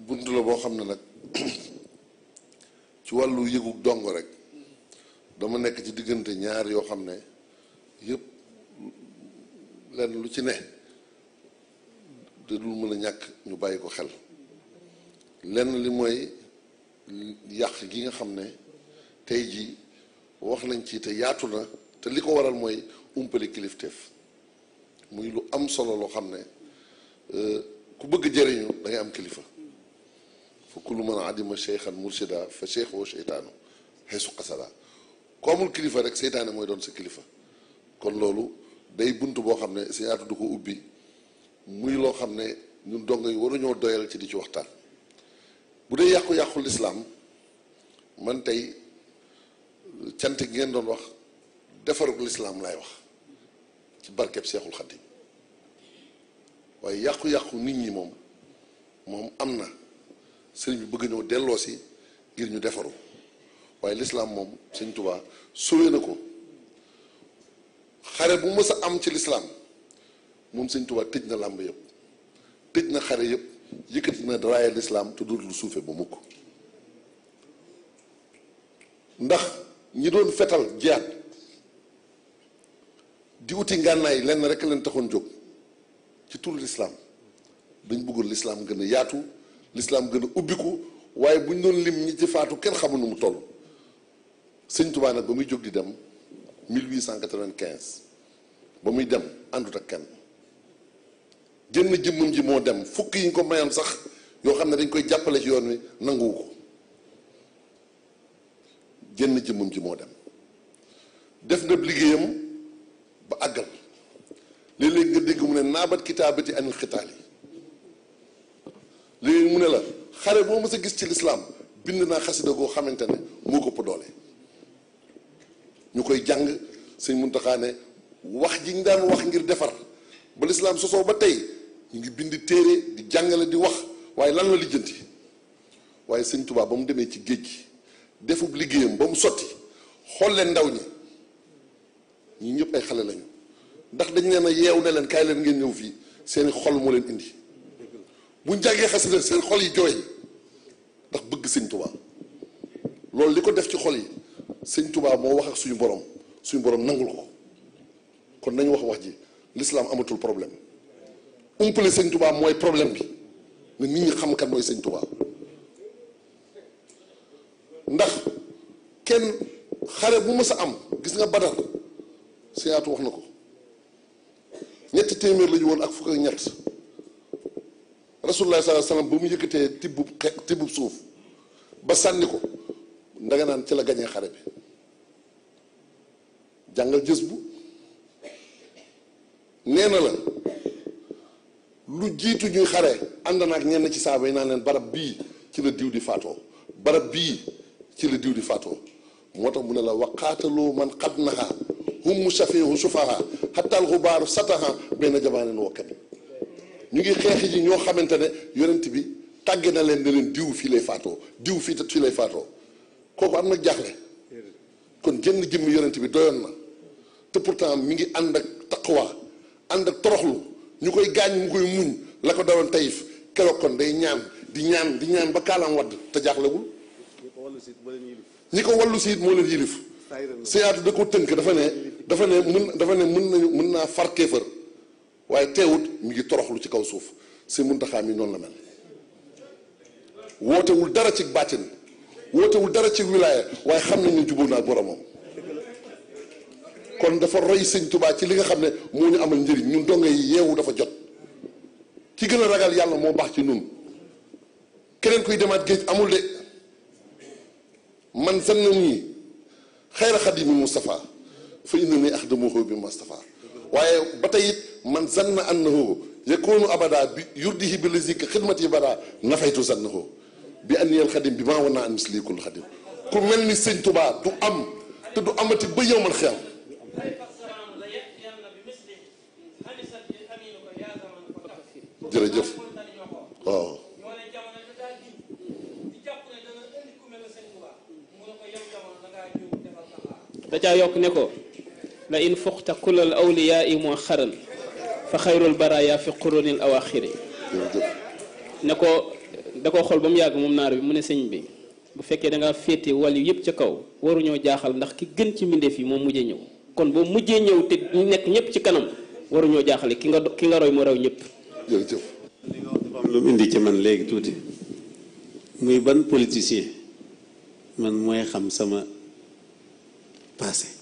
bunt la boo xam ne nag ci wàllu yëgu dong rek dama nekk ci diggante ñaar yoo xam ne yëpp lenn lu ci ne da mën a ñàkk ñu bàyyi ko xel lenn li mooy yàq gi nga xam ne tey jii wax nañ ci te yaatu na te li ko waral mooy umpale kilifteef muy lu am solo loo xam ne euh, ku bëgg jëriñu da am kilifa فكل من عدم شيخا مرشدا فشيخه شيطانه xeesu xasala ku amul kilifa rek seytaane mooy doon sa kilifa kon loolu day bunt boo xam ne siñaatu du ko ubbi muy loo xam ne ñun dong yi waruñoo doyal ci di ci waxtaan bu dee yàqu-yàqu lislaam man tey cant gi ngeen doon wax defarug lislaam laay wax ci barkeb seexul xaddim waaye yàqu-yàqu nit ñi moom moom am na sëriñ bi bëgg ñëw delloo si ngir ñu defaru waaye lislaam moom sëñ tubaa sowee na ko xare bu mës a am ci lislaam moom sëñ tubaa tëj na làmb yëpp tëj na xare yëpp yëkkati na raaya lislaam te dootul suufe ba mukk ndax ñi doon fetal jiyaat di uti ngànnaay lenn rek leen taxoon jóg ci turu lislaam dañ bëggoon lislaam gën a yaatu lislaam gën a ubbiku waaye bu ñu doon lim ñi ci faatu kenn xamul nu mu toll sëñ Tuubaa nag ba muy jóg di dem 1895 ba muy dem àndut ak kenn jënn jëmmam ji moo dem fukk yi ñu ko mayoon sax yoo xam ne dañ koy jàppale ci yoon wi nanguwu ko jënn jëmmam ji moo dem def na liggéeyam ba àggal léeg-léeg nga dégg mu ne naabat kitaabati anil xitaali léegi mu ne la xare boo mës a gis ci lislaam bind naa xasida goo xamante ne moo ko ëpp doole ñu koy jàng sëñ Muntaxa ne wax ji ñu daan wax ngir defar ba lislaam sosoo ba tey ñu ngi bind téere di jàngale di wax waaye lan la lijjanti waaye sëñ tubaab ba mu demee ci géej gi defub liggéeyam ba mu sotti xool leen ndaw ñi ñu ñëpp ay xale lañu ndax dañ leen a yeew ne leen kaay leen ngeen ñëw fii seeni xol moo leen indi buñ jàngee xasida seen xol yi jooy ndax bëgg sëñ tubaa loolu li ko def ci xol yi sëñ tubaa moo wax ak suñu borom suñu borom nangul ko kon nañu wax wax ji lislaam amatul problème umpale sëñ tubaa mooy problème bi na nit ñi xamkat kan mooy sëñ tubaab ndax kenn xare bu mës a am gis nga badar siyaatu wax na ko ñett téeméer la ñu woon ak fukk ñett rasulullah sallallahu alayhi bu mu yëkkatee tibbub xe tibbub suuf ba sànni ko ndanga ci la gañee xare bi jàngal jës bu nee na la lu jiitu ñuy xare ànd na ak ñenn ci saaba yi naan leen barab bii ci la diw di faatoo barab bii ci la diw di faatoo moo tax mu ne la waqaataloo man xad naxa hum mu safeehu sufaha xattaal xubaaru sataha benn jamaanin wakkat ñu ngi xeexi ji ñoo xamante ne yonent bi tàgge na leen ne leen diw fii lay faatoo diw fii fii lay faatoo kooku am na jaaxle kon jënn jëmm yonent bi doyoon na te pourtant mi ngi ànd ak taqwa ànd ak toroxlu ñu koy gaañ mu koy muñ la ko daloon tayif keroog kon day ñaan di ñaan di ñaan ba kaalaam wadd te jaaxlewul ñi ko wallu siit moo leen yilif séyaatu da ko tënk dafa ne dafa ne mën dafa ne mën nañu mën naa far kéefër waye teewut mi ngi toroxlu ci kaw suuf si muntaxaa mi noonu la mel wootewul dara ci bàttin wootewul dara ci wilaya waaye xam nañ ne jubóo naa boromam kon dafa roy sëñ tubaa ci li nga xam ne moo ñu amal njëriñ ñun donge yi yeewu dafa jot ci gën a ragal yàlla moo baax ci nun keneen kuy demaat géej amul de man zanna nii xayra xadimi Moustapha fa inna nii axdamuhu bi Moustapha waaye ba tey it man zanna annahu yakunu abada bi yurdihi bi lazika xidmati bada nafaytu zannahu bi anniyal xadim bi maa wan naa an mislikul xadim ku mel ni sëñ tubaa du am te du amati ba yow man xiyam jërëjëf waaw da caa yokk ne ko la in fuqta kullal awliyaa moo xaran fa xayrul baraya fi qurunil awaxiri ne ko da ko xool ba mu yàgg moom naar bi mu ne sëñ bi bu fekkee da féete wàll yëpp ca kaw waruñoo jaaxal ndax ki gën ci mbindeef yi moom mujjee ñëw kon boo mujjee ñëw te nekk ñëpp ci kanam waruñoo jaaxale ki nga ki nga roy mu raw ñëpp. jërëjëf. li lu mu indi ci man léegi tuuti muy ban politicien man mooy xam sama passé.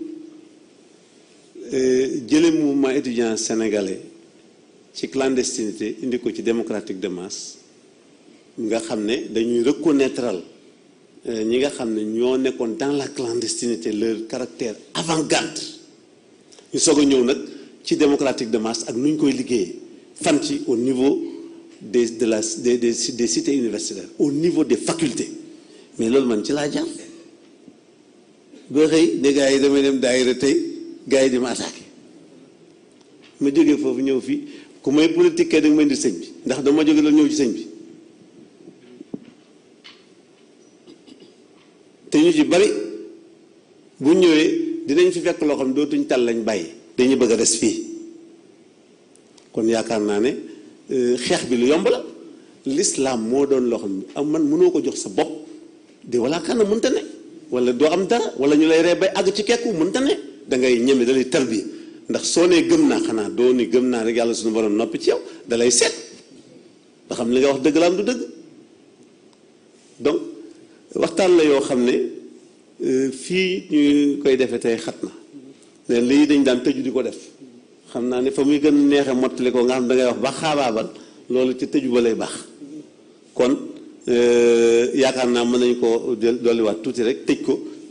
jële mouvement étudiant sénégalais ci clandestinité indi ko ci démocratique de masse nga xamné ne dañuy reconnaîtral euh, ñi nga xamné ne ñoo nekkoon dans la clandestinité leur caractère avant-garde ñu soog a ñëw nag ci démocratique de masse ak nuñ koy liggéeyee fan ci au niveau des de la des des cités universitaires au niveau des facultés mais loolu man ci la jàpp ba xëy ne gars yi damay dem daayira tey gars yi di ma attaqué ma jógee foofu ñëw fii ku may politique kay da nga may indi sëñ bi ndax dama jóge la ñëw ci sëñ bi te ñu ci bari bu ñëwee dinañ fi fekk loo xam dootuñ tal lañu bàyyi dañuy bëgg a des fii kon yaakaar naa ne euh, xeex bi lu yomb la lislaam moo doon loo xam ne am man mënoo ko jox sa bopp di walla kanam mënta ne wala doo am dara wala ñu lay ree bay àgg ci kekku mënta ne dangay ngay ñeme da lay ndax soo nee gëm naa xanaa doo ni gëm naa rek yàlla suñu borom noppi ci yow da lay seet ba xam li nga wax dëgg la am du dëgg donc waxtaan la yoo xam ne euh, fii ñu koy defee tey xat na ne lii dañ daan tëju di ko def xam naa ni fa muy gën neexe mottali ko nga xam da wax ba xaabaabal loolu ci tëju ba lay baax kon euh, yaakaar naa mën nañ ko dolliwaat tuuti rek tëj ko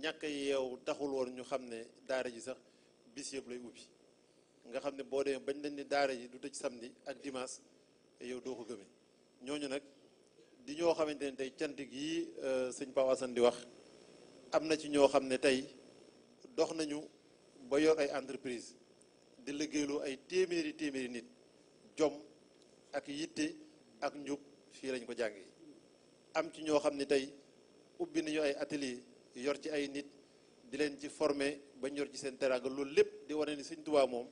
ñàkk yi taxul woon ñu xam ne daara ji sax bis yëpp lay ubbi nga xam ne boo demee bañ nañ ni daara ji du tëj samedi ak dimanche yow doo ko gëmee ñooñu nag di ñoo xamante ne tey cant gii euh, sëñ Pape Assane di wax am na ci ñoo xam ne tey dox nañu ba yor ay entreprise di liggéeyloo ay téeméeri téeméeri nit jom ak yitte ak njub fii lañ ko jàngee am ci ñoo xam ne tey ubbi nañu ay atelier yor ci ay nit di leen ci former bañ yor ci seen teraanga loolu lépp di wane ni Sëñ Tuubaa moom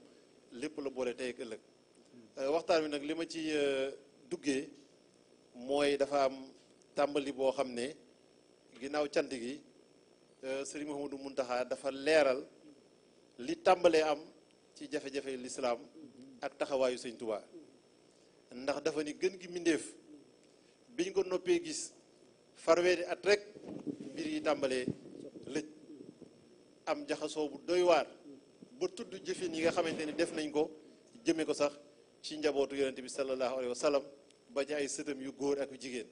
lépp la boole tey ak ëllëg euh, waxtaan wi nag li ma ci euh, duggee mooy dafa am tàmbali boo xam ne ginnaaw cant gi euh, sëriñ Mouhamadou Mountakha dafa leeral li tàmbalee am ci jafe-jafe lislaam ak taxawaayu Sëñ Tuubaa ndax dafa ni gën gi mbindéef biñ ko noppee gis farweeri at rek mbir yi tàmbalee lëj am jaxasoo bu doy waar ba tudd jëfin yi nga xamante ni def nañ ko jëme ko sax ci njabootu yonente bi sallallahu alayhi ba ci ay yu góor ak jigéen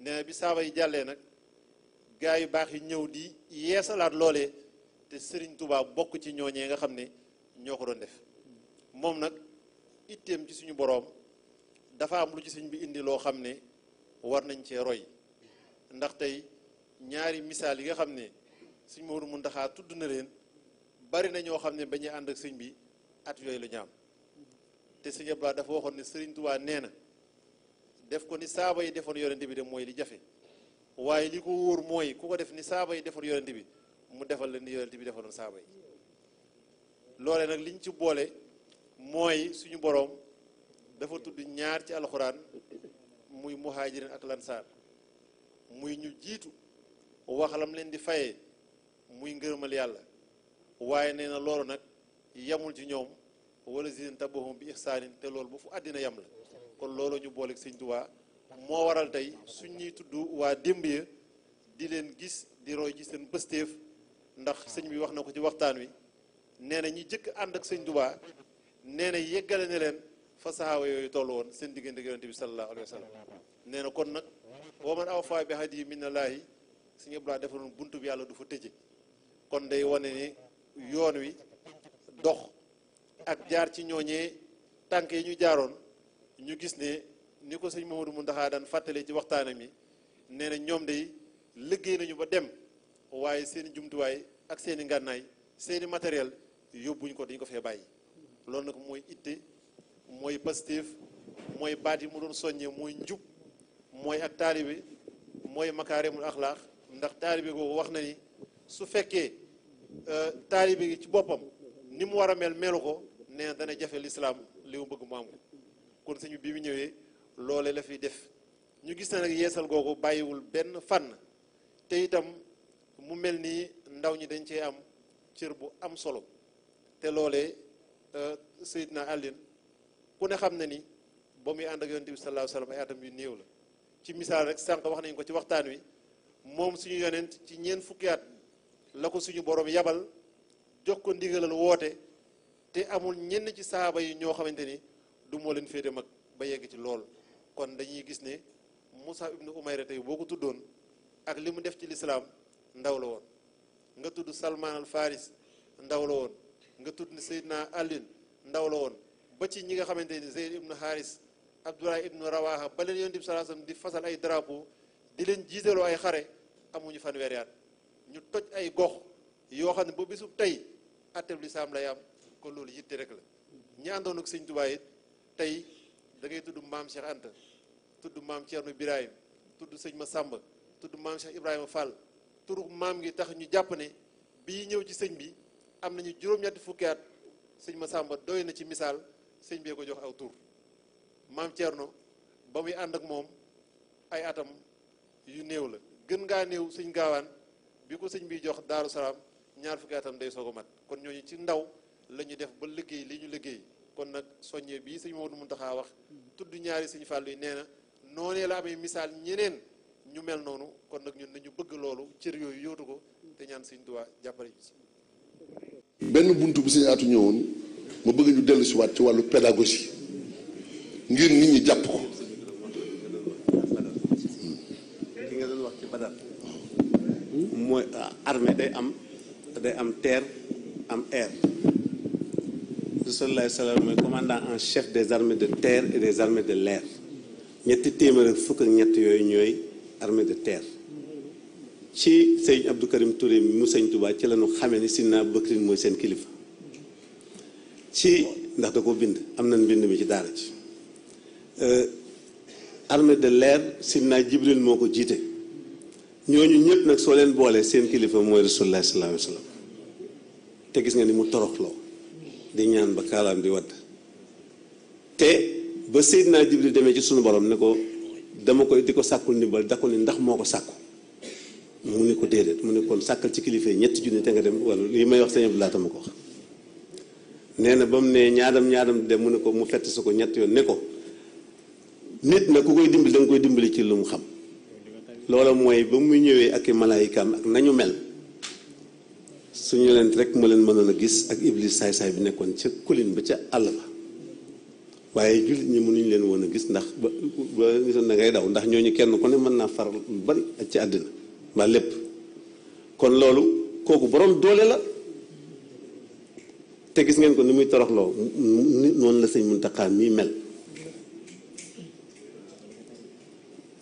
nee bi saaba yi jàllee nag gaa yu baax yi ñëw di yeesalaat loole te sëriñ tubaab bokk ci ñooñee nga xam ne ñoo ko doon def moom nag itteem ci suñu boroom dafa am lu ci sëñ bi indi loo xam ne war nañ cee roy ndax tey ñaari misaal yi nga xam ne sëñ Moodu Muntaxa tudd na leen bari na ñoo xam ne ba ñuy ànd ak sëñ bi at yooyu la ñu te sëñ Abdou dafa waxoon ne sëriñ Tuubaa nee na def ko ni saaba yi defoon yorente bi de mooy li jafe waaye li ko mooy ku ko def ni saaba yi defoon yorente bi mu defal la ni yorente bi defoon saaba yi loole nag liñ ci boole mooy suñu boroom dafa tudd ñaar ci alxuraan muy muhaajirin ak lansaar muy ñu jiitu wax lam leen di fayee muy ngërëmal yàlla waaye nee na loolu nag yemul ci ñoom wala zidin tabahum bi ihsaanin te loolu ba fu àddina yem la kon loolu ñu booleeg sëñ Tuubaa moo waral tey suñ ñuy tudd waa démb ya di leen gis di roy ci seen pëstéef ndax sëñ bi wax na ko ci waxtaan wi nee na ñi jëkk ànd ak sëñ Tuubaa nee na yeggale ne leen fa saxaaba yooyu toll woon seen diggante ak yonente bi sallallahu alayhi wa sallam nee na kon nag wa man awfaa bi hadiyi minallaahi suñu blaa defaroon bunt bi yàlla du fa tëje kon day wane ni yoon wi dox ak jaar ci ñooñee tànk yi ñu jaaroon ñu gis ne ni ko sëñ mu Mountakha daan fàttalee ci waxtaanam yi nee ñoom day liggéey nañu ba dem waaye seeni jumtuwaay ak seeni i ngànnaay seen i matériel yóbbuñ ko dañ ko fee bàyyi loolu nag mooy itte mooy pastéef mooy baat yi mu doon soññee mooy njub mooy ak taalibe mooy makaarimul axlaax ndax taalibe googu wax na ni su fekkee taalibe gi ci boppam ni mu war a mel melu ko nee na dana jafe lislaam li mu bëgg mu am ko kon suñu bi mu ñëwee loole la fiy def ñu gis na nag yeesal googu bàyyiwul benn fànn te itam mu mel nii ndaw ñi dañ cee am cër bu am solo te loolee Seydina Alioune ku ne xam na ni ba muy ànd ak yonent bi sallallahu alayhi wa ay atam yu néew la ci misaal rek sànq wax nañ ko ci waxtaan wi moom suñu yonent ci ñeent fukki at la ko suñu boroom yabal jox ko ndigalal woote te amul ñenn ci saaba yi ñoo xamante ni du moo leen féete mag ba yegg ci lool kon dañuy gis ne Moussa ibnu Umayra tey boo ko tuddoon ak li mu def ci lislaam ndaw la woon nga tudd Salman Faris ndaw la woon nga tudd ne Seydina Alioune ndaw la woon ba ci ñi nga xamante ni Zeyd ibnu Haris Abdoulaye ibnu Rawaha ba leen yonent salaasam di fasal ay drapeau di leen jiitaloo ay xare amuñu fanweeri ñu toj ay gox yoo xam ne boo bésu tey atteb lislaam lay am kon loolu yitte rek la ñi àndoon ak sëñ Tuubaa it tey dangay ngay tudd maam Cheikh ant tudd maam Thierno Birahim tudd sëñ Massamba tudd maam Cheikh Ibrahima Fall turu maam ngi tax ñu jàpp ne bi ñëw ci sëñ bi am nañu juróom-ñetti fukki at sëñ Massamba doy na ci misaal sëñ bee ko jox aw tur maam Thierno ba muy ànd ak moom ay atam yu néew la gën ngaa néew sëñ gaawaan bi ko sëñ bi jox daaru salaam ñaar fukki atam day soo a mat kon ñooñu ci ndaw la ñu def ba liggéey li ñu liggéey kon nag soññe bii sëñ mun Mountakha wax tudd ñaari sëñ Fàllu yi nee na noonee la amee misaal ñeneen ñu mel noonu kon nag ñun nañu bëgg loolu cër yooyu yootu ko te ñaan sëñ Tuubaa jàppale ñu benn bunt bu sëñ atu ñëwoon ma bëgg ñu dellu si waat ci wàllu pédagogie ngir nit ñi jàpp ko dara mooy euh, armée day am day am terre am air sallallahu alayhi wa commandant en chef des armées de terre et des armées de l'air ñetti téeméer ak fukk ak ñett yooyu ñooy armée de terre ci Seigne Abdou Karim Touré mu Seigne Touba ci lañu xamé ni Sina Abubakrin moy sen kilifa ci ndax da ko bind am nañ mbind mi ci dara ci euh armée de l'air Sina Jibril moko jité ñooñu ñëpp nag soo leen boolee seen kilifa mooy rasulullah sallallahu alayhi wa te gis nga ni mu toroxloo di ñaan ba kaalaam di wadd te ba naa Jibril demee ci sunu borom ne ko dama koy di ko sàkkul ndimbal da ko ndax moo ko sàkku mu ne mu ne kon sàkkal ci kilifa yi ñetti junni te nga dem wala li may wax sëñ Abdou Lahat ma ko wax nee na ba mu ne ñaadam ñaadam de mu ne ko mu fett su ko ñett yoon ne ko nit na ku koy dimbali da koy dimbali ci lu mu xam loola mooy ba muy ñëwee ak i malaayikaam ak nañu mel suñu leen rek ma leen mënoon a gis ak iblis saay-saay bi nekkoon ca colline ba ca àll ba waaye jullit ñi mënuñu leen woon a gis ndax ba ba ngay daw ndax ñooñu kenn ku ne mën naa faral lu bari ak ci àddina mbaa lépp kon loolu kooku boroom doole la te gis ngeen ko ni muy toroxloo noonu la sëñ Muntaxa mii mel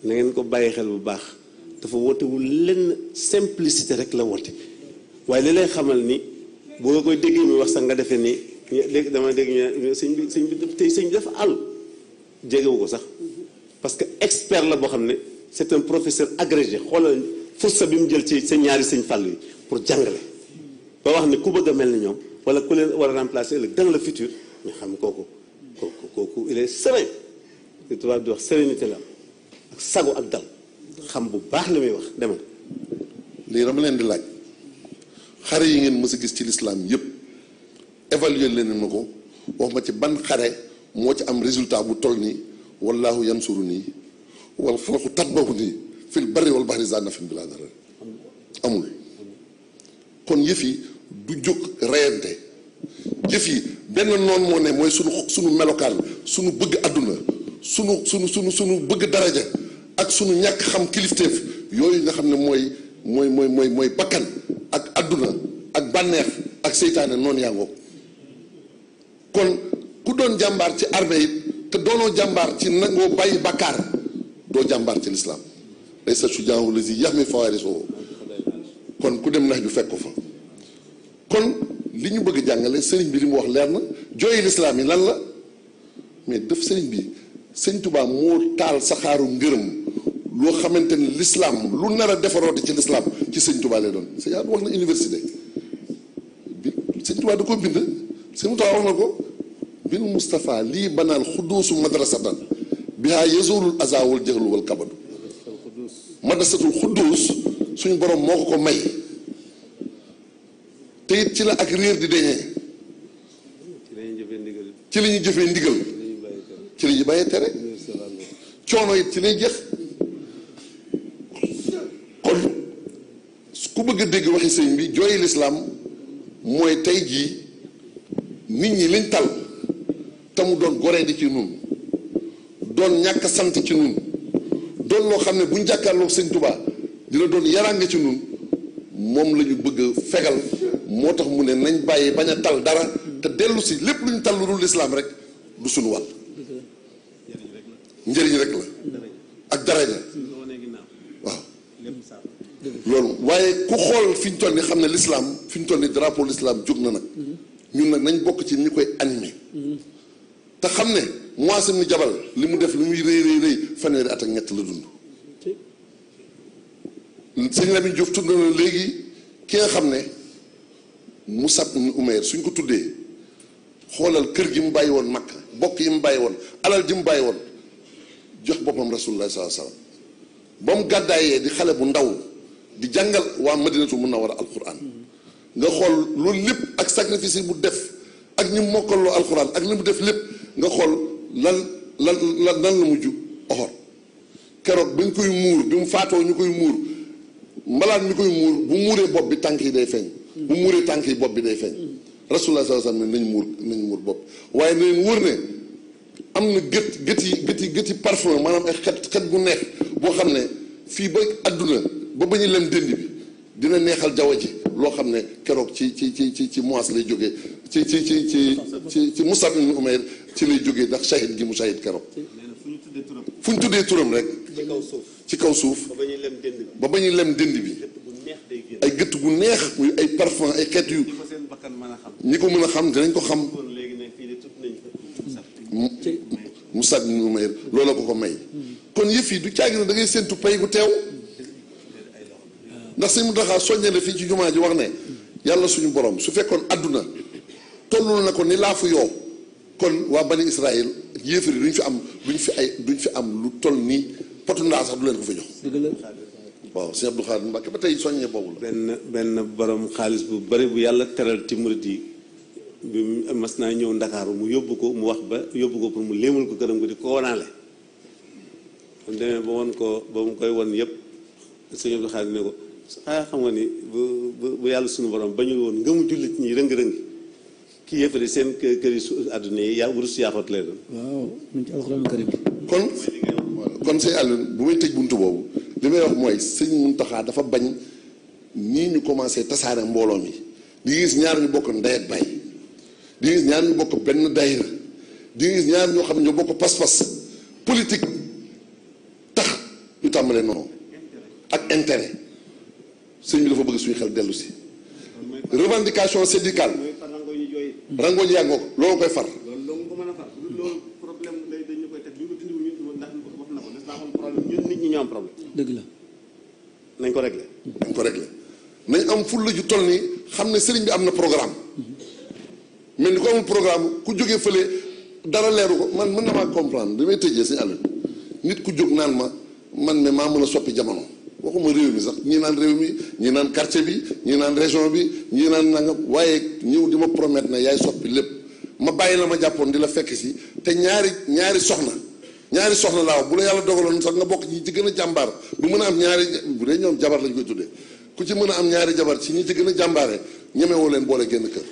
na ngeen ko bàyyi xel bu baax dafa wootewul lenn simplicité rek la wote waaye li lay xamal ni boo nga koy déggee mi wax sa nga defee ni dama dégg ñu sëñ bi sëñ bi tey sëñ bi dafa àll jégewu ko sax parce que expert la boo xam ne c'est un professeur agrégé xoolal fursa bi mu jël ci sa ñaari sëñ fàll yi pour jàngale ba wax ni ku bëgg a mel ni ñoom wala ku leen war a remplacer ëllëg dans le futur ñu xam kooku kooku kooku il est serein li tubaab di wax sérénité la ak sago ak dal xam bu baax la may wax demal léegi dama leen di laaj xare yi ngeen ma a gis ci lislaam yépp évaluer leen ma ko wax ma ci ban xare moo ci am résultat bu toll nii wallaahu yansuru nii wal falaqu tatbahu nii fil barri wal bahri za nafin bilaa dara amul kon yëf yi du jóg reyante jëf yi benn noonu moo ne mooy sunu sunu melokaan sunu bëgg àdduna sunu sunu sunu sunu bëgg daraja ak sunu ñàkk xam kilifteef yooyu nga xam ne mooy mooy mooy mooy mooy bakkan ak adduna ak bànneex ak seytaane noonu yaa kon ku doon jàmbaar ci armée yi te doonoo jàmbaar ci nangoo bàyyi bakkaar doo jàmbaar ci lislaam day sa su jàngu la kon ku dem nax ju fekk ko fa kon li ñu bëgg jàngale sëriñ bi mu wax leer na jooyi yi lan la mais def sëriñ bi sëñ Tuubaa moo taal saxaaru ngërëm loo xamante ni l'islam lu nar a defaroote ci l'islam ci sëñ Tuubaa lay doon sëñ Abdou wax na université bi sëñ Tuubaa da ko bind sëñ Tuubaa wax na ko bil Moustapha lii banaal xudduusu madrasatan bihaa yazulul azawul jaxlu wal kabadu madrasatul xudduus suñu borom moo ko ko may te ci la ak réer di deñee ci la ñuy jëfee ndigal ci la ñuy bàyyee tere coono it ci lay jeex bu bëgg dégg waxi sëñ bi jooyi lislaam mooy tey jii nit ñi liñ tal tamu mu doon goree ci nun doon ñàkk sant ci nun doon loo xam ne buñ jàkkaarloog sëñ tubaa dina doon yaraange ci nun moom la ñu bëgg a fegal moo tax mu ne nañ bàyyi bañ a tal dara te dellu si lépp lu ñu tal lu dul lislaam rek du suñu wàll rek la xool fi ñu toll ni xam ne lislaam fi ñu toll ni drapeau l'islam jóg na nag ñun nag nañ bokk ci ñu koy animé te xam ne Muasim ni Jabal li mu def li muy rëy rëy at ak ñett la dund sëñ Lamine Diouf tudd léegi ki nga xam ne Musab ibn Umayr suñ ko tuddee xoolal kër gi mu bàyyi woon Makka bokk yi mu bàyyi woon alal ji mu bàyyi woon jox boppam rasulullah sallallahu alayhi wasallam ba mu gàddaayee di xale bu ndaw di jàngal waa madinatu munawwara alquran nga xool loolu lépp ak sacrifice yi def ak ñu mokkaloo alquran ak li mu def lépp nga xool lan lan lan la mujj oxor keroog bañ koy muur bi mu faatoo ñu koy muur mbalaan ñu koy muur bu muuree bopp bi tànk yi day feeñ bu muuree tànk yi bopp bi day feeñ rasulullah la alayhi wasallam nañ muur nañ muur bopp waaye na leen am na gët gët yi gët yi gët yi parfum maanaam xet xet gu neex boo xam ne fii ba adduna ba ba ñu lem dënd bi dina neexal jaww ji loo xam ne keroog ci ci ci ci ci mois lay jóge ci ci ci ci ci ci Musab ibn Umayr ci lay jógee ndax shahid gi mu shahid keroog fu ñu tuddee turam rek ci kaw suuf ba ba ñuy lem dënd bi ay gëtt gu neex muy ay parfum ay xeet yu ñi ko mën a xam danañ ko xam Musab ibn Umayr loolu ko ko may kon yëf yi du caagi na da ngay séntu pay bu teew ndax sëñ Muntaxa soññe na fii ci jumaa ji wax ne yàlla suñu borom su fekkoon àdduna tollul na ko ni laa fu yow kon waa bani Israël yéefar yi duñ fi am duñ fi ay duñ fi am lu tol nii potu ndaa sax du leen ko fa jox waaw sëñ Abdou ba tey soññee boobu la benn benn borom xaalis bu bari bu yàlla teral ci murit yi bi mas naa ñëw ndakaaru mu yóbbu ko mu wax ba yóbbu ko pour mu léemal ko këram ko di ko wanaale mu demee ba woon ko ba mu koy won yëpp sëñ Abdou Khadre ne ko xanaa ah, xam nga ni bu bu yàlla suñu borom bañul woon ngëmu jullit ñi rëng-rëng kii yëfari seen kër yi su àdduna yi yaa wurus yaafat lay doon waaw kon kon sëñ àll bu may tëj bunt boobu li may wax mooy sëñ Muntaxa dafa bañ nii ñu commencé tasaare mbooloo mi di gis ñaar ñu bokk ndey ak baay di gis ñaar ñu gis ñaar ñoo xam ne ñu bokk pas-pas politique ñu tàmbalee noonu ak intérêt sëñ bi dafa bëgg suñu xel dellu revendication syndicale rango ñu yàggoo ko loolu koy far dëgg la nañ ko réglé nañ ko réglé nañ am fulla ju toll nii xam ne sëriñ bi am na programme mais ni ko amul programme ku jóge fële dara leeru ko man mën na maa comprendre damay tëjee sëñ Aliou nit ku jóg naan ma man ne maa mën a soppi jamono waxuma réew mi sax ñi naan réew mi ñi naan quartier bi ñi naan région bi ñi naan nangam waaye ñëw di ma promettre ne yaay soppi lépp ma bàyyi la ma jàppoon di la fekk si te ñaari ñaari soxna ñaari soxna laa wax bu la yàlla dogaloon sax nga bokk ñi ci gën a jàmbaar bu mën a am ñaari bu dee ñoom jabar lañ koy tuddee ku ci mën a am ñaari jabar ci ñi ci gën a jàmbaare ñemewoo leen boole génn kër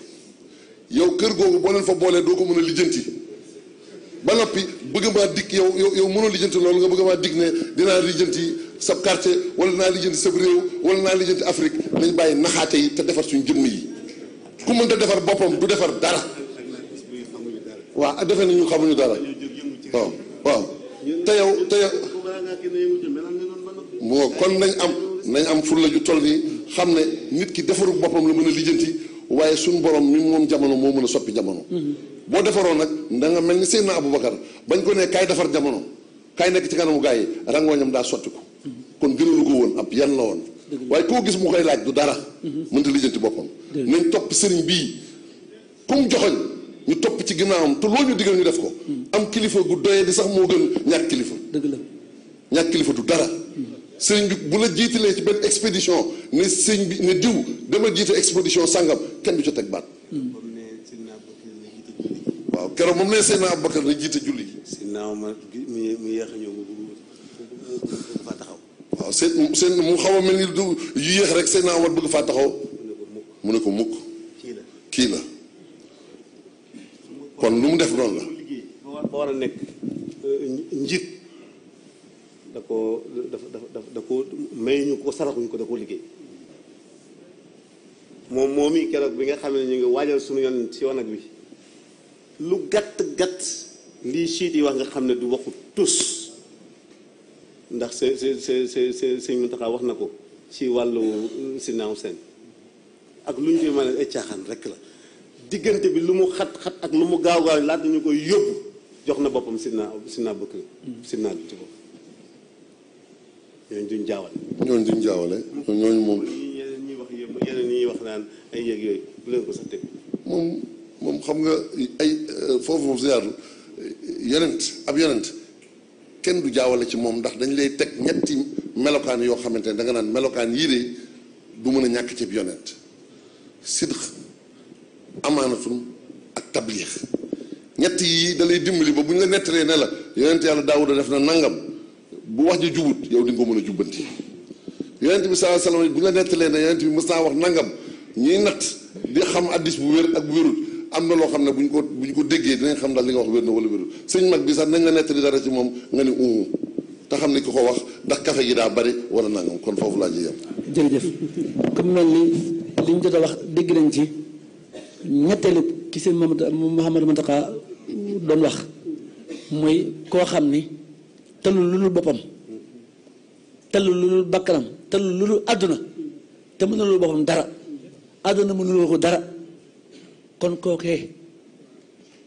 yow kër googu boo leen fa boolee doo ko mën lijjanti ba noppi bëgg maa dikk yow yow yow mënoo lijjanti loolu nga bëgg maa dikk ne dinaa lijjanti sa quartier wala naa lijjanti sa réew wala naa lijjanti Afrique nañ bàyyi naxaate yi te defar suñ jëmm yi ku mënta defar boppam du defar dara waaw defe nañu xamuñu dara waaw waaw te yow te yow moo kon nañ am nañ am fulla ju toll nii xam ne nit ki defaru boppam la mën a lijjanti waaye suñu borom mi moom jamono moo mën a soppi jamono boo defaroon nag da mel ni seen na Seydina Aboubacar bañ ko nee kaay defar jamono kaay nekk ci kanamu gars yi rangooñam daa sotti ko kon gënalu ko woon ab yan la woon waaye koo gis mu koy laaj du dara mhm. mënta lijjanti boppam nañ topp sëriñ bi kum joxoñ ñu topp ci ginnaawam te loo ñu digal ñu def ko mhm. am kilifa gu doyee di sax moo gën ñàkk kilifa dëgg la ñàkk kilifa du dara mhm. sëriñ bi bu la jiitalee ci benn expédition ne sëñ bi ne diw dama jiite expédition sàngam kenn du ca teg keroog moom ne Seydina Aboubacar na jiite julli. Seydina Omar mi mi yéex a ñëw bëgg faa taxaw. waaw seen mu xaw a mel ni du yu yéex rek Seydina Omar bëgg faa taxaw. mu ne ko mukk kii la kii la. kon lu mu def noonu la. ba war a nekk euh, njiit da ko dafa dafa da ko may ko saraxuñu ko da liggéey. moom moom i keroog bi nga xam ne ñu ngi waajal suma yoon si wanag bi. lu gat gat lii siit yi wax nga xam ne du waxu tus ndax se se se se sëñ Muntaxa wax na ko ci wàllu si naaw seen ak lu ñu fi mën a ay rek la diggante bi lu mu xat-xat ak lu mu gaaw gaaw laata ñu koy yóbbu jox na boppam si naa si naa bëkk si naa ci bopp ñooñu duñ jaawale ñooñu duñ jaawale ñooñu moom ñuy wax yëpp ay yéeg yooyu bu moom xam nga ay euh, foofu moom si yaatu yonent ab yonent kenn du jaawale ci moom ndax dañ lay teg ñetti melokaan yoo xamante ne danga naan melokaan yii de du mën a ñàkk ci yonent sidq amaanatum ak tabliix ñett yii dalay lay dimbali ba bu ñu la nettalee ne la yonent yàlla daawuda def na nangam bu wax ji jubut yow di ko mën a jubbanti yonent bi sallallahu alayhi wasallam bu ñu la nettalee ne yonent bi mus naa wax nangam ñuy natt di xam addis bu wér ak bu wérul am na loo xam ne bu ñu ko bu ñu ko déggee dinañ xam daal li nga wax wér na wala wérul sëñ mag bi sax nañ la nettali dara ci moom nga ni umu te xam ne ko ko wax ndax kafe gi daa bari wala nangam kon foofu laa ji yam jërëjëf comme mel ni li ñu jot a wax dégg nañ ci ñetteelu ki seen Mouhamadou Mountakha doon wax mooy koo xam ni talul lu dul boppam talul lu dul bakkanam talul lu dul àdduna te mënalul boppam dara àdduna mënuloo ko dara kon koke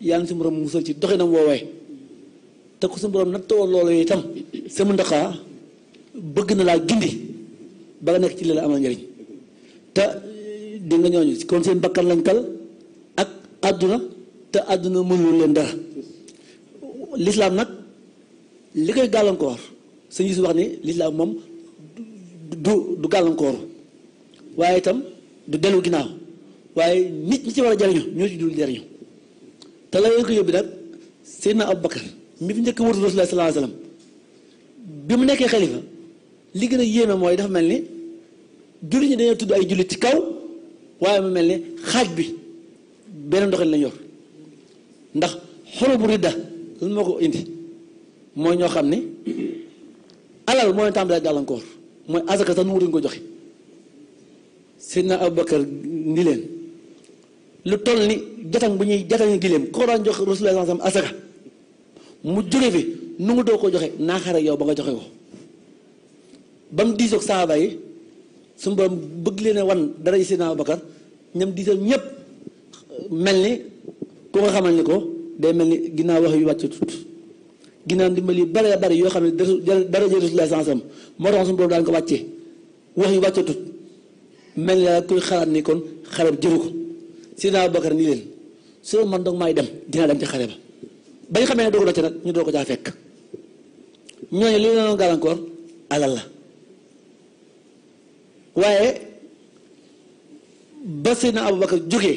yang ngi suñu borom musal ci doxinam wowe te ko suñu borom to lolo itam sama ndaxaa bëgg na la gindi ba nga nek ci lila amal njëriñ te di nga ñooñu kon seen bakkar lañ kal ak aduna te àdduna mënul leen dara l'islam nak li galankor gàllankoor sëñ wax ni l'islam mom du du galankor waye itam du delu ginaaw waaye nit ñi ci war a jariñu ñoo ci dul jariñu te la leen ko yóbbi nag Seydina Aboubacar mi fi njëkk a wër Rasulullah sallallahu alayhi wasallam bi mu nekkee xalifa li gën a mooy dafa mel ni jullit ñi tudd ay jullit ci kaw waaye mel ni xaaj bi beneen doxalin lañ yor ndax xorobu ridda lan moo ko indi mooy ñoo xam ne alal moo gàllankoor mooy asaka ko joxe Seydina Aboubacar ni leen. lu toll ni jataŋ bu ñuy jataŋi giléem koo daan jox rasulullah sallam asaka mu jóge fi nu ngu doo ko joxe naaxare yow ba nga joxe ko ba mu diisoog saaba yi suñu borom bëgg leen a wan dara yi Seydina Abubakar ñam diisoog ñépp mel ni ku ko xamal ni ko day mel ni ginnaaw wax yu wàcce tut ginnaaw ndimbal yu bare bare yoo xam ne dara jël rasulullah sallam sam moo tax suñu daan ko wàcce wax yu wàcc tut mel ni la kuy xalaat ni kon xarab jëru ko Seydina Abubakar nii leen su man dong maay dem dinaa dem ci xare ba ba ñu xamee ne doog ko caa fekk ñooñu li ñu doon gàllankoor alal la waaye ba Seydina Abubakar jógee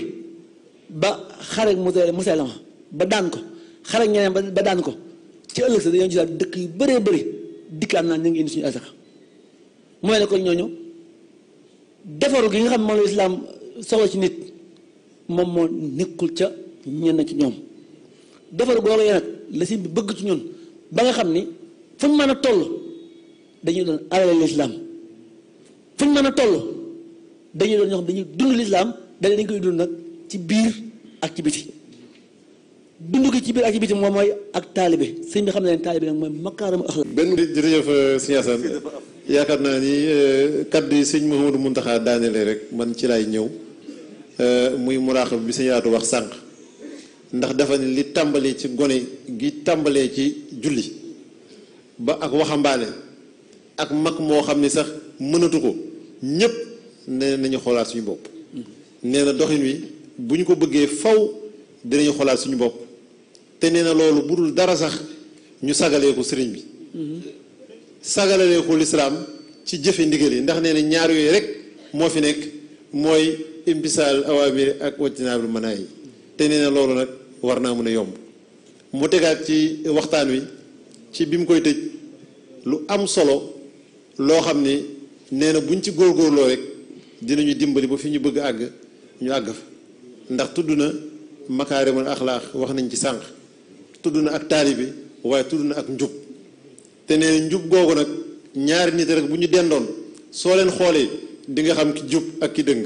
ba xare Musaylama ba daan ko xare ñeneen ba daan ko ci ëllëg sa dañoo gisaat dëkk yu bëree bëri dikkaat naa ñu ngi indi suñu asaka mooy ne kon ñooñu defaru gi nga xam moom la islaam soxla ci nit moom moo nekkul ca ñenn ci ñoom defar googee nag la bi bëgg ci ñoon ba nga xam ni fu ñu mën a toll dañuy doon alal lislaam fu ñu mën a toll dañuy doon ñoo xam dañuy dund lislaam dalee dañ koy dund nag ci biir ak ci biti dund ko ci biir ak ci biti moom mooy ak taalibe sëñ bi xam ne leen taalibe nag mooy makaaramu axlaaq benn di euh, yaakaar naa ni euh, kaddu yi sëñ Mouhamadou Mountakha daanele rek man ci laay ñëw Euh, muy muraaxab bi si yaatu wax sànq ndax dafa ne li tàmbalee ci gone gi tàmbalee ci julli ba ak waxambaane ak mag moo xam ni sax mënatu ko ñépp nee nañu xoolaat suñu bopp nee na doxin wi bu ñu ko bëggee faw dinañu xoolaat suñu bopp te nee na loolu bu dul dara sax ñu sagalee ko sëriñ bi sagalalee ko lislaam ci jëfe ndigal yi ndax neena na ñaar yooyu rek moo fi nekk mooy imbisaal awaamir ak wajtinaabul manaahi te nee na loolu nag war naa mën a yomb mu tegaat ci waxtaan wi ci bi mu koy tëj lu am solo loo xam ni nee na buñ ci góorgóorloo rek dinañu dimbali ba fi ñu bëgg àgg ñu àgg fa ndax tudd na makaarimul axlaax wax nañ ci sànq tudd na ak taalibi waaye tudd na ak njub te nee njub googu nag ñaari nit rek bu ñu dendoon soo leen xoolee di nga xam ki jub ak ki dëng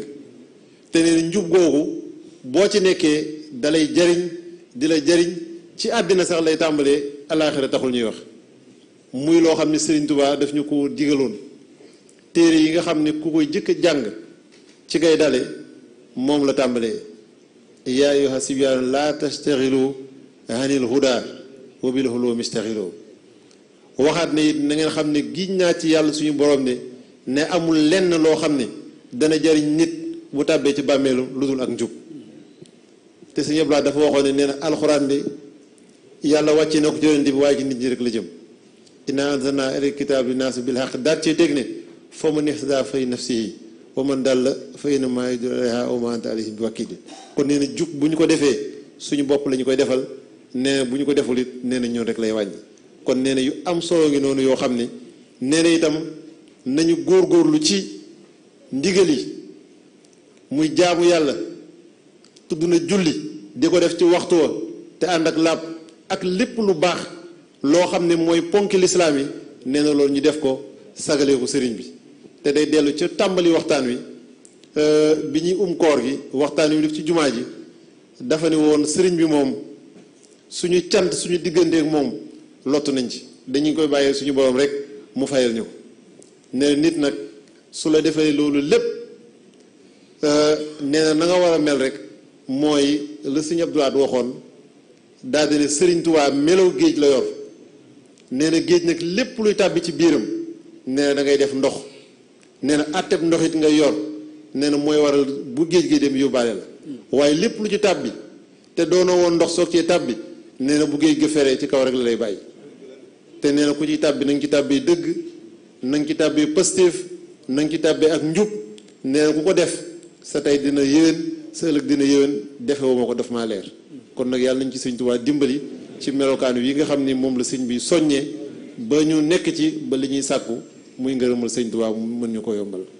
te ne njub googu boo ci nekkee dalay jariñ di la jariñ ci àddina sax lay tàmbalee alaaxira taxul ñuy wax muy loo xam ne Sëriñ Tuubaa daf ñu ko digaloon téere yi nga xam ne ku koy jëkk jàng ci ngay dale moom la tàmbalee yaa ayyuha sibyaan laa tastaxilu anil huda wa bil hulum waxaat ne it na xam ne giñ naa ci yàlla suñu borom ne ne amul lenn loo xam ne dana jariñ nit bu tàbbee ci bàmmeelu lu dul ak njub te sëñ Abdoulaye dafa waxoon ne nee na alxuraan bi yàlla wàcce na ko jëlandi bi waaye ci nit ñi rek la jëm inna anzalna ilayka kitaab bi bil haqq daat cee teg ne fa man ihtada fa nafsihi wa man dalla fa innamaa yadullu alayhaa wa maa anta alayhim bi wakiil kon nee na jub bu ñu ko defee suñu bopp la ñu koy defal nee bu ñu ko deful it nee na ñoom rek lay wàññi kon nee yu am solo ngi noonu yoo xam ne nee na itam nañu góorgóorlu ci ndigal yi muy jaamu yàlla tudd na julli di ko def ci waxtu wa te ànd ak làpp ak lépp lu baax loo xam ne mooy ponki lislaam yi nee na loolu ñu def ko sagalee ko sëriñ bi te day dellu ci tàmbali waxtaan wi euh, bi ñuy um koor gi waxtaan wi def ci jumaa ji dafa ne woon sëriñ bi moom suñu cant suñu digganteek moom lott nañ ci dañu koy bàyyee suñu boroom rek mu fayal ñu ko ne nit nag su la defee loolu lépp Euh, nee na nga war a mel rek mooy la sëñ Abdou waxoon daal ne sëriñ Tuubaa melaw géej la yor nee na géej nag lépp luy tàbbi ci biiram nee na da ngay def ndox nee na àtteb ndox it ngay yor nee na mooy waral bu géej gi dem yóbbaale la waaye lépp lu ci tàbbi te doonoo woon ndox soog cee tàbbi nee na bu géej gi fere ci kaw rek la lay bàyyi te nee na ku ci tàbbi na ci tàbbee dëgg na nga ci tàbbee pastéef na ci tàbbee ak njub nee na ku ko def sa tey dina yéwén sa ëllëg dina yéwén defe woo ma ko daf maa leer kon nag yàlla nañ ci sëñ dimbali ci melokaan yi nga xam ni moom la sëñ bi soññee ba ñu nekk ci ba li ñuy sàkku muy ngërëmal sëñ Tuubaa mu mën ñu ko yombal